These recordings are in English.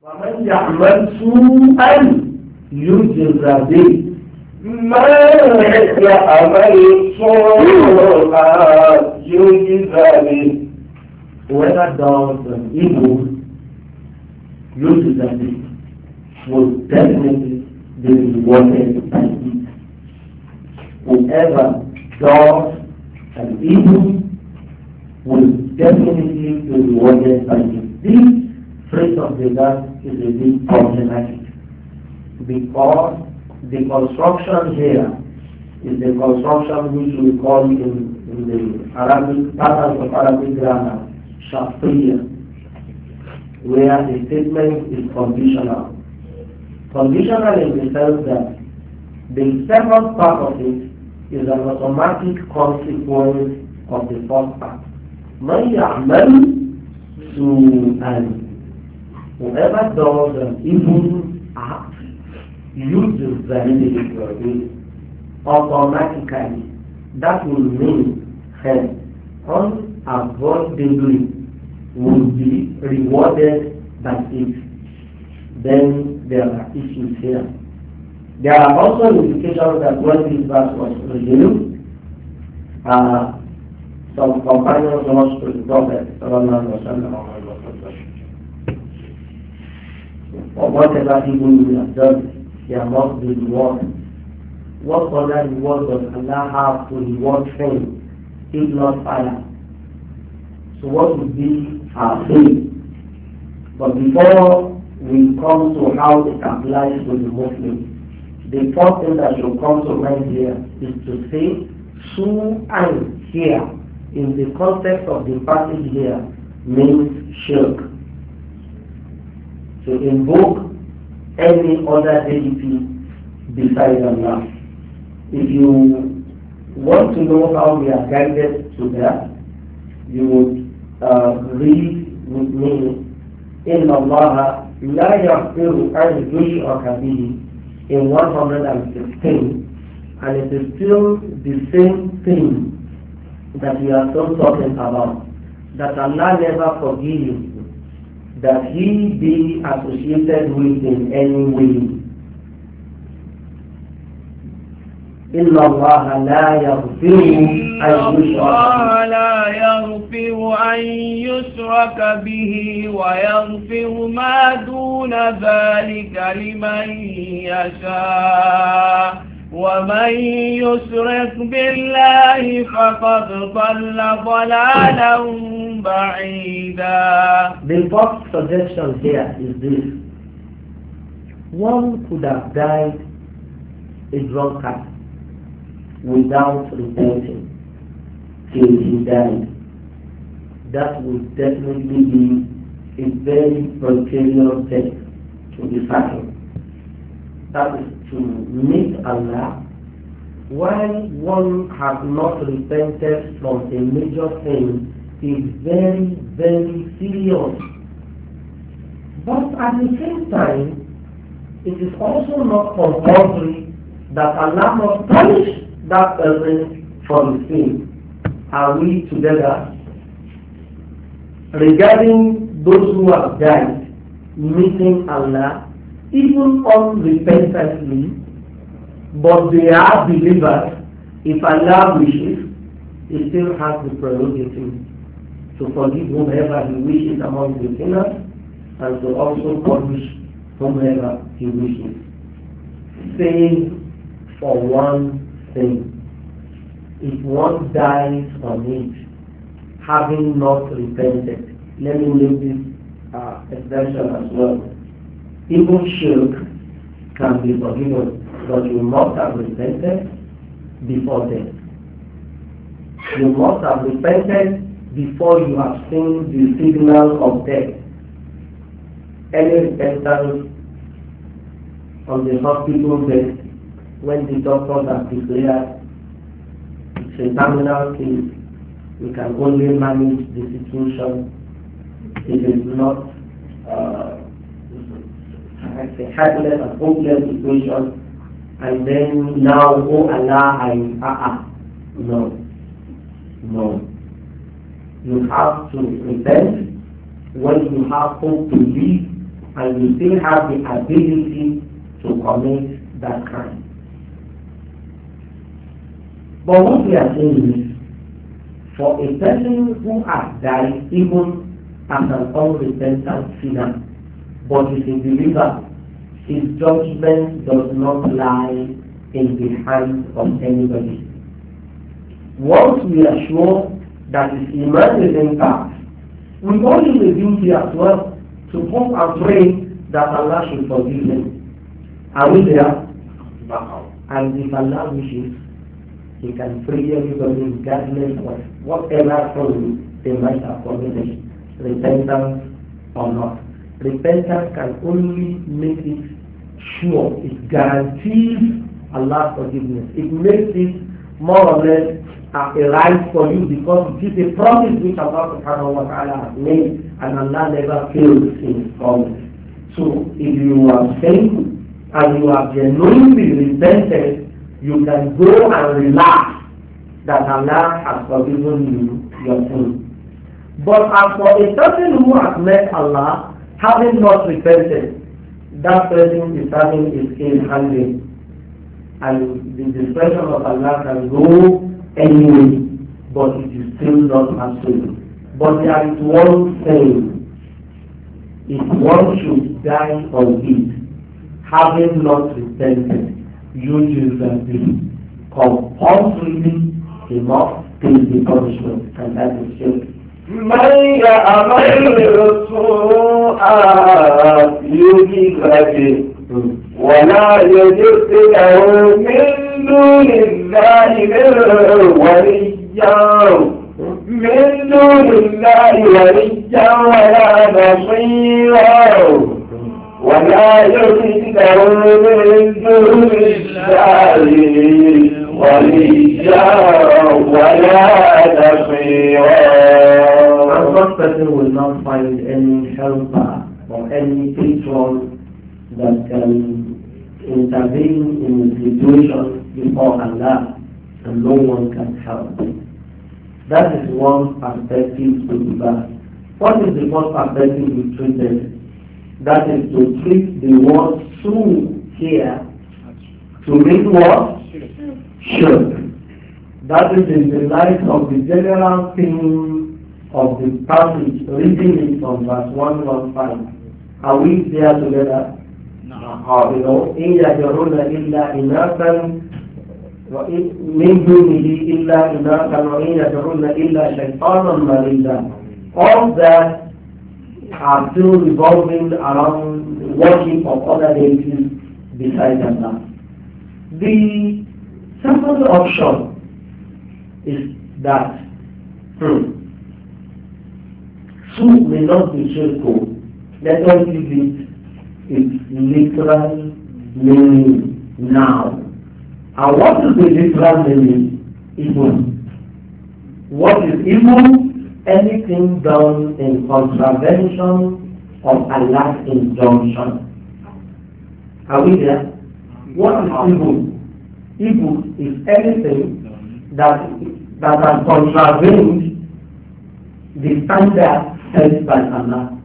ومن يعمل سوءا يجزى به ما يعمل سوءا يجزى به Whoever does an evil, يجزى به will definitely be rewarded by it. Whoever does an evil will definitely be rewarded by it. This First of the gas is a bit problematic because the construction here is the construction which we call in, in the Arabic patterns of Arabic grammar, Shafriya, where the statement is conditional. Conditional in the sense that the second part of it is an automatic consequence of the first part. من يعمل سوءا Whoever does an evil act uses the individual your automatically. That will mean hell unavoidably will be rewarded by it. Then there are issues here. There are also indications that when this verse was revealed, uh, some companions lost to the Prophet or whatever evil you have done, there must be reward. What other reward does Allah have to reward fame if not fire? So what would be our faith? But before we come to how it applies to the Muslim, the first thing that should come to mind here is to say su and here in the context of the passage here means shirk to invoke any other deity besides Allah. If you want to know how we are guided to that, you would uh, read with me Allah الله لا يغفر أن يشرك به in 116 and it is still the same thing that we are still talking about that Allah never forgives that he be associated with in any way. إن الله لا يغفر أن يشرك لا يغفر أن يشرك به ويغفر ما دون ذلك لمن يشاء ومن بالله فقد ضل ضلالا بعيدا The first suggestion here is this. One could have died a drunkard without repenting till he died. That would definitely be a very precarious death to be fatal. That is to meet Allah while one has not repented from a major sin is very, very serious. But at the same time, it is also not compulsory that Allah must punish that person for the sin. Are we together? Regarding those who have died, meeting Allah even unrepentantly, but they are believers. If Allah wishes, He still has the prerogative to forgive whomever He wishes among the sinners and to also punish whomever He wishes. Save for one thing. If one dies on it, having not repented, let me make this uh, expression as well. Even shirk can be forgiven, but you must have repented before death. You must have repented before you have seen the signal of death. Any repentance on the hospital bed when the doctors have declared it's a terminal case, we can only manage the situation. It is not uh, a helpless and hopeless situation and then now, oh Allah, I, ah, ah. No. No. You have to repent when you have hope to live and you still have the ability to commit that crime. But what we are saying is, for a person who has died even as an unrepentant sinner, but is a believer, his judgment does not lie in the hands of anybody. Once we are sure that his iman is intact, we only the duty as well to hope and pray that Allah should forgive him. Are we there? And if Allah wishes, he can free everybody regardless of whatever problem they might have committed, repentance or not repentance can only make it sure. It guarantees Allah's forgiveness. It makes it more or less uh, a right for you because it is a promise which Allah subhanahu wa ta'ala has made and Allah never fails in his promise. So if you are sinful and you have genuinely repented, you can go and relax that Allah has forgiven you your sin. But as for a person who has met Allah, having not repented, that person is having his sin handling. And the discretion of Allah can go anyway, but it is still not absolute. But there is one thing. If one should die on it, having not repented, you will be he must pay the punishment, and that is just. من يعمل سوءا يجد به ولا يجد له من دون الله وليا من دون الله وليا ولا نصيرا ولا يجد له من دون الله وليا ولا نصيرا person will not find any helper uh, or any patron that can intervene in the situation before Allah and no one can help. That is one perspective to the back. What is the first perspective to treat? That is to treat the word true here to mean what? Sure. That is in the light of the general thing of the passage, reading it from verse 115. Are we there together? No. Uh, ah, you ah, know, إن يجرون إلا إناثا من دونه إلا إناثا وإن يجرون إلا شيطانا مريدا. All that are still revolving around the worship of other deities besides Allah. The second option is that hmm, Truth may not be truthful. Let us give it its literal meaning now. And what is the literal meaning? Evil. What is evil? Anything done in contravention of Allah's injunction. Are we there? What is evil? Evil is anything that that has contravened the standard sent by Allah.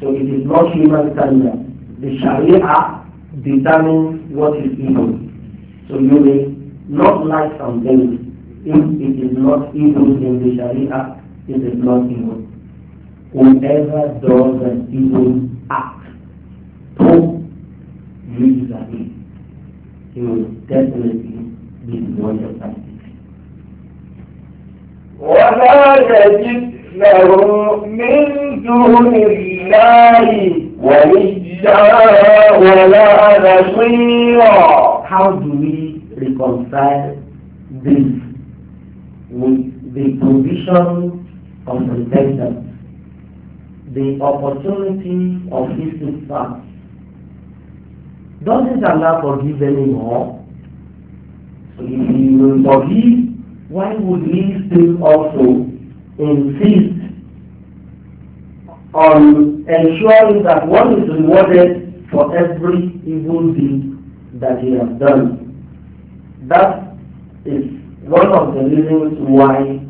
So it is not human standard. The Sharia determines what is evil. So you may not like something if it is not evil in the Sharia, it is not evil. Whoever does an evil act, to you disagree, he will definitely be the one that why له من دون الله وليا ولا نصيرا How do we reconcile this with the provision of repentance, the opportunity of his impact? Doesn't Allah forgive anymore? So if he will forgive, why would he still also insist on ensuring that one is rewarded for every evil deed that he has done. That is one of the reasons why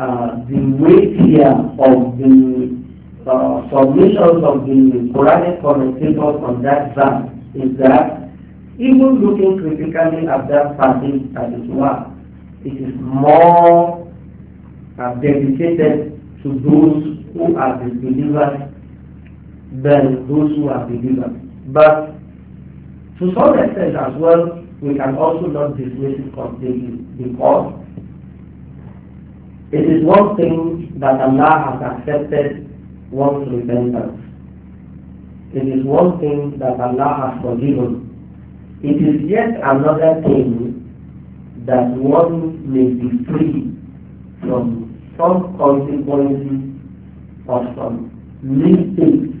uh, the weight here of the uh, submissions of the Quranic commentators on that verse is that even looking critically at that passage as it it is more are dedicated to those who are the believers than those who are believers. But to some extent as well, we can also not dismiss it completely because it is one thing that Allah has accepted one's repentance. It is one thing that Allah has forgiven. It is yet another thing that one may be free from some consequences of some mistakes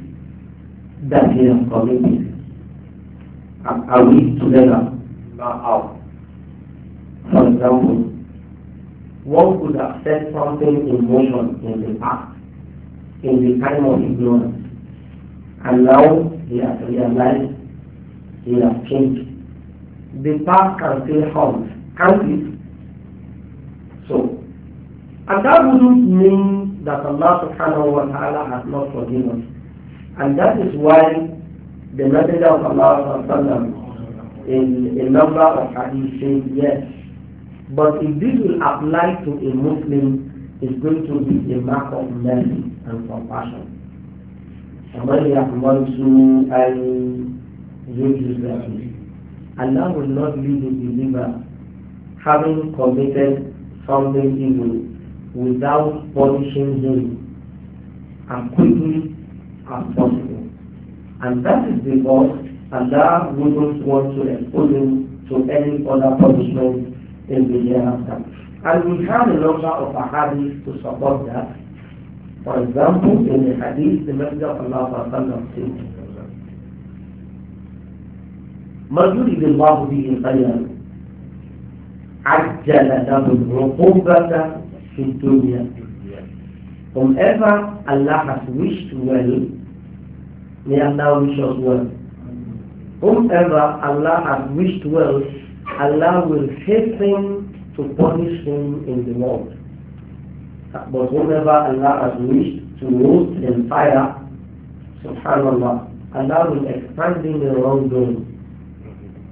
that they have committed. Are, are we together? Not out. For example, one could have set something in motion in the past, in the time of ignorance, and now he has realized he has changed. The past can still haunt, can't it? And that wouldn't mean that Allah subhanahu wa ta'ala has not forgiven us. And that is why the Messenger of Allah وسلم, in a number of hadith says yes. But if this will apply to a Muslim, it's going to be a mark of mercy and compassion. ومن يعمل سوءا يجز به Allah will not leave the believer having committed something evil without punishing him as quickly as possible. And that is because Allah wouldn't want to expose him to any other punishment in the hereafter. And we have a number of hadiths to support that. For example, in the hadith, the Messenger of Allah said, من يريد الله به خيرا عجل له العقوبة Whomever Allah has wished well, may Allah wish us well. Whomever Allah has wished well, Allah will hasten to punish him in the world. But whomever Allah has wished to roast in fire, subhanallah, Allah will expand in the wrongdoing.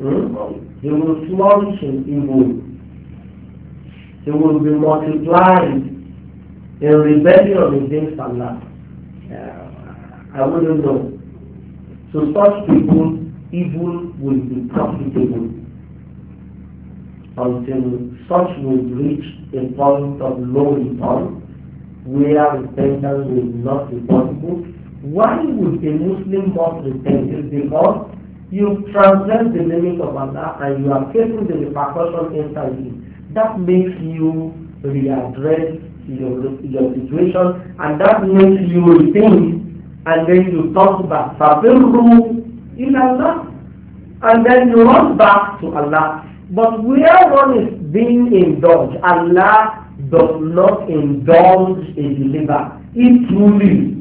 Hmm? He will flourish in evil. It will be multiplied in rebellion against Allah. I wouldn't know. So such people, evil will be profitable until such will reach a point of no return where repentance will not be possible. Why would a Muslim not repent? It's because you transcend the limit of Allah and you are facing the repercussion inside you that makes you readdress your, your situation and that makes you rethink and then you talk back فَبِرُّ in Allah, and then you run back to Allah. But where one is being indulged, Allah does not indulge a believer. He truly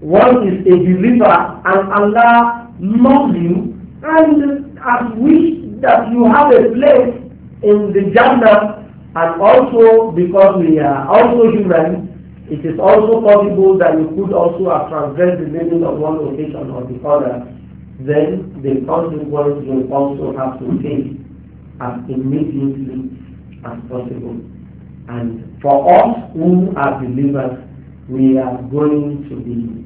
one is a believer and Allah loves you and has wish that you have a place in the Jannah and also because we are also human, it is also possible that we could also have transgressed the limit of one occasion or the other, then the consequence will also have to take as immediately as possible. And for us who are believers, we are going to be,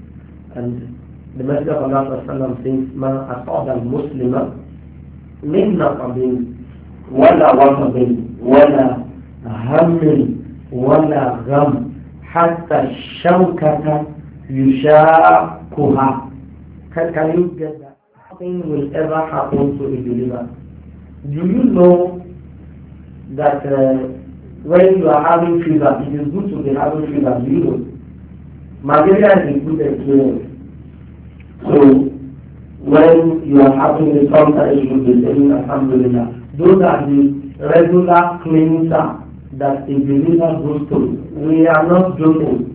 and the Messenger of Allah says, ما أصاب المسلم من نقب ولا وطب ولا هم ولا غم حتى الشوكة يشاقها كان يوجد حقين will ever happen to a Do you know that uh, when you are having fever, it is good to be having fever? Do you know? Malaria is a good experience. So when you are having it, sometimes you will be saying Alhamdulillah. Those are the regular cleanser that a believer goes to. We are not joking.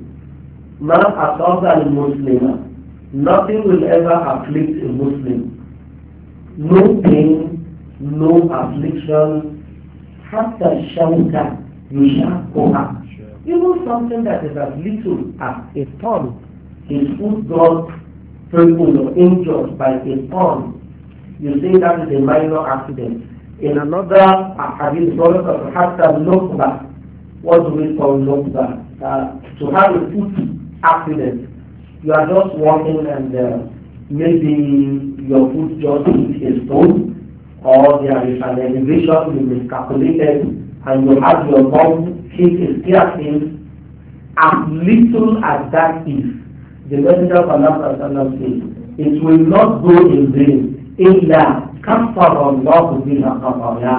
Man assaults a Muslim. Nothing will ever afflict a Muslim. No pain, no affliction. shall go yushakuha. Even something that is as little as a thorn is who got crippled or injured by a thorn. You say that is a minor accident in another hadith Prophet of look Nokba what do we call look uh, to have a foot accident you are just walking and uh, maybe your foot just hit a stone or there is an elevation you miscalculated and you have your bum hit a staircase as little as that is the messenger of Allah says it will not go in vain in that Comfort of كفر الله بها خطايا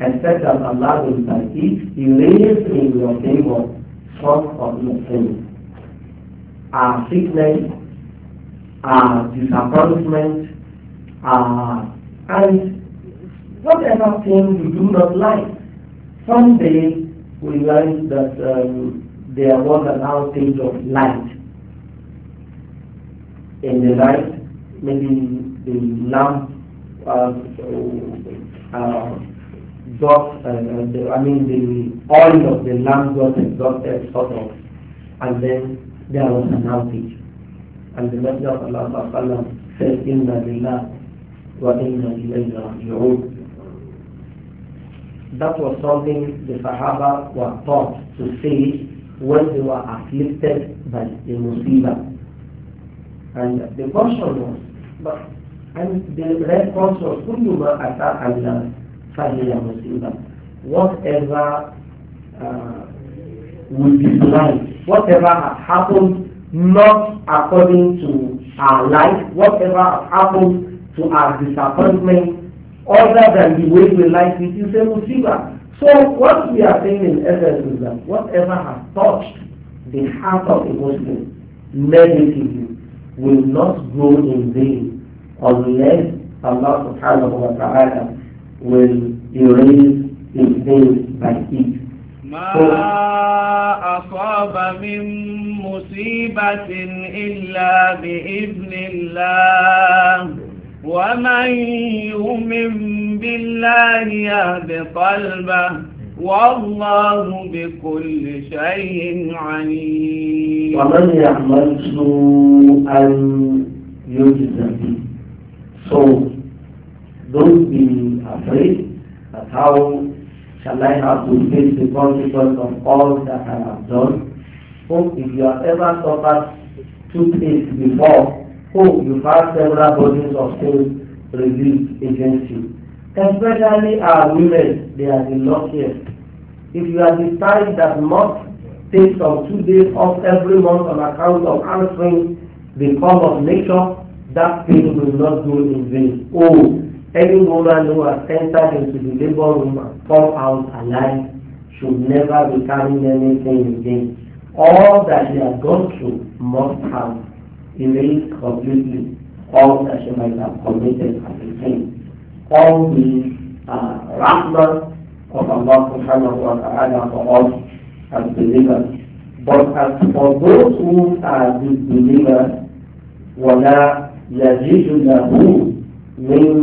except that Allah will by it erase in your favor source of your sin. Our sickness, our disappointment, our, and whatever thing you do not like. Someday we learn that um, there was an outage of light in the light, maybe the lamp um, uh, got, uh, the, I mean, the oil of the lamb got exhausted, sort of, and then there was an outage. And the Messenger of Allah sallam, said, Inna lillah wa inna ilayhi raji'un. That was something the Sahaba were taught to say when they were afflicted by a musibah. And the question was, but and the response of Kulluma ata Allah fahila musliman. Whatever uh, will be blind, whatever has happened not according to our life, whatever has happened to our disappointment, other than the way we like it is a musibah. So what we are saying in essence is that whatever has touched the heart of a Muslim negatively will not grow in vain الناس الله سبحانه وتعالى will erase his sins by it. ما أصاب من مصيبة إلا بإذن الله ومن يؤمن بالله يهد قلبه والله بكل شيء عليم ومن يعمل سوءا يجزى به So don't be afraid that how shall I have to face the consequence of all that I have done. Hope if you have ever suffered toothache before, hope you have several bodies of pain against you. Especially our women, they are the luckiest. If you are the type that must take some two days off every month on account of answering the call of nature, that pain will not go in vain. Oh, any woman who has entered into the labor room and come out alive should never be carrying anything again. All that she has gone through must have erased completely all that she might have committed as a sin. All the uh, rahmah of Allah subhanahu wa ta'ala for us as believers. But as for those who are disbelievers, يجد له من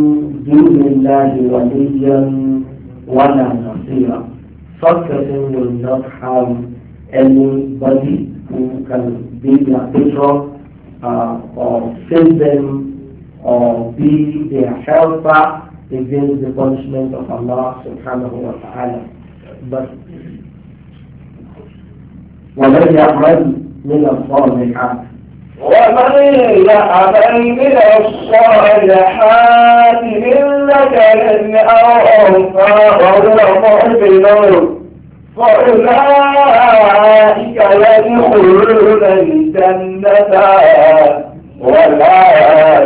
دون الله وليا ولا نصيرا فكرة will not have anybody who can be their patron uh, or save them or be their helper against the punishment of Allah subhanahu wa ta'ala. But ومن يعمل من الصالحات ومن يعمل من الصالحات من ذكر أو أنثى وهو مؤمن فأولئك يدخلون الجنة ولا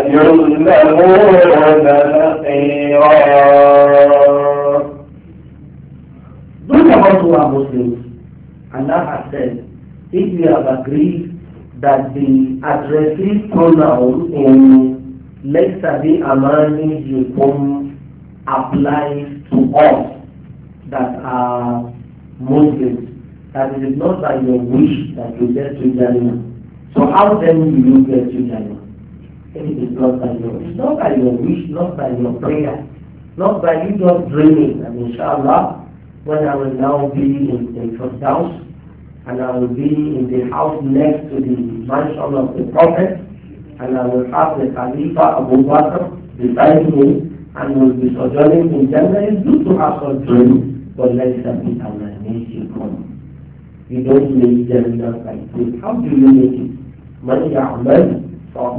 يظلمون نقيرا Look at what you are Muslims. Allah has said, if you have agreed that the addressing pronoun in Laysa bi amani yukum applies to us that are Muslims. That it is not by your wish that you get to Jannah. So how then do you get to Jannah? It is not by your wish, not by your wish, not by your prayer, not by you just dreaming. And inshallah, when I will now be in front house, and I will be in the house next to the mansion of the Prophet, and I will have the Khalifa Abu Bakr beside me, and will be sojourning in Jannah. It's good to have some dream, but let's have it and you come. You don't make Jannah like this. How do you make it? من يعمل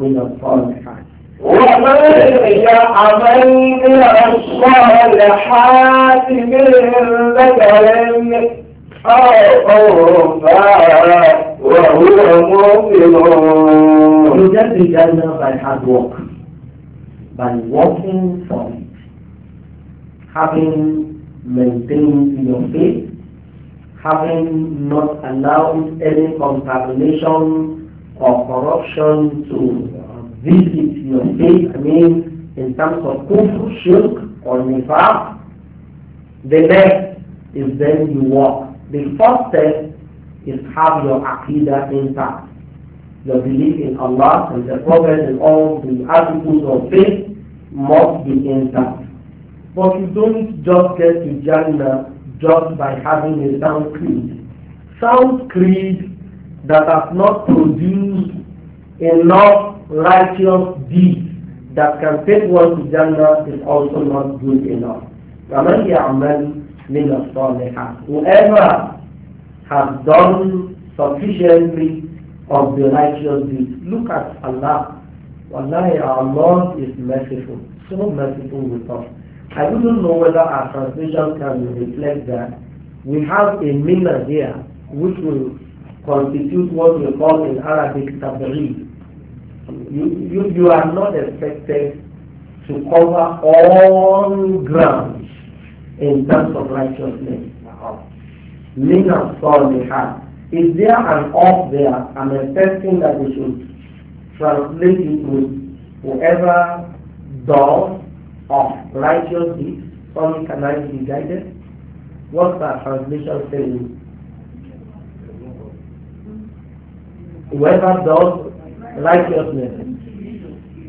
من الصالحات ومن يعمل من الصالحات من ذكر Oh, you just reach Allah by hard work, by working for it, having maintained your faith, having not allowed any contamination or corruption to visit your faith, I mean in terms of kufr, shirk or nifaq, the next is then you walk the first step is have your aqidah intact. Your belief in Allah and the progress and all the articles of faith must be intact. But you don't just get to Jannah just by having a sound creed. Sound creed that has not produced enough righteous deeds that can take one to Jannah is also not good enough min as Whoever has done sufficiently of the righteous deeds. Look at Allah. Wallahi, our Lord is merciful, so merciful with us. I wouldn't know whether our translation can reflect that. We have a mina here, which will constitute what we call in Arabic tabri. You, you, you are not expected to cover all ground in terms of righteousness. Min al-salihat. Is there an off there? I'm expecting that we should translate it with whoever does of righteous deeds. Only can I be guided? What's that translation saying? Whoever does righteousness.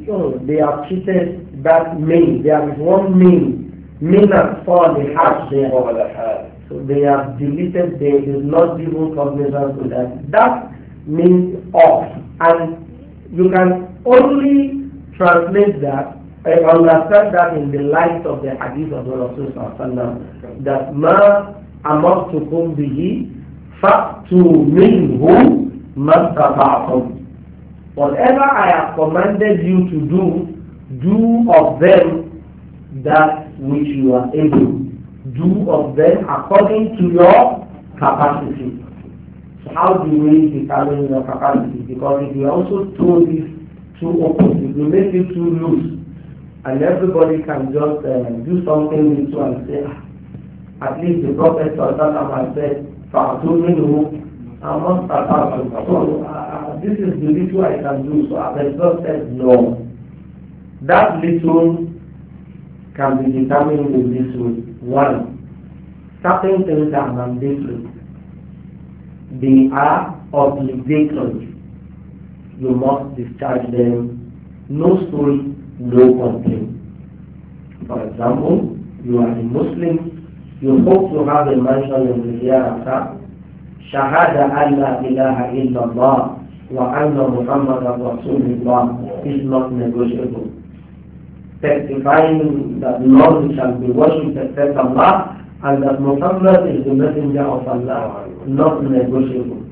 So they are treated that mean. There is one mean Mina Salihat, the are, so they have deleted, they is not even cognizance to that. That means off. And you can only translate that I understand that in the light of the hadith of the Rasul that ma amartukum bihi fa'tu minhu mastata'tum. Whatever I have commanded you to do, do of them that which you are able. Do of them according to your capacity. So how do we determine your capacity? Because if you also throw this too open, it will make it too loose. And everybody can just uh, do something with you and say, ah, at least the Prophet said, I among Tatars. So uh, this is the little I can do. So Abel said, no. That little can be determined in this way. One, certain things are mandatory. They are obligatory. You must discharge them. No story, no complaint. For example, you are a Muslim. You hope to have a mansion in the hereafter. Shahada Allah ilaha illallah wa anna Muhammadan Rasulullah is not negotiable testifying that none shall be worshipped except Allah and that Muhammad is the messenger of Allah, not negotiable.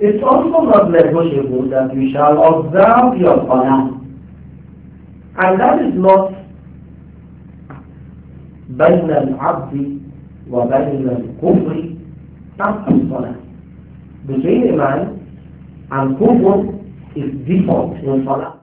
It's also not negotiable that you shall observe your Quran. And that is not بين العبد وبين الكفر ترك الصلاة. Between a man and kufr is default in salah.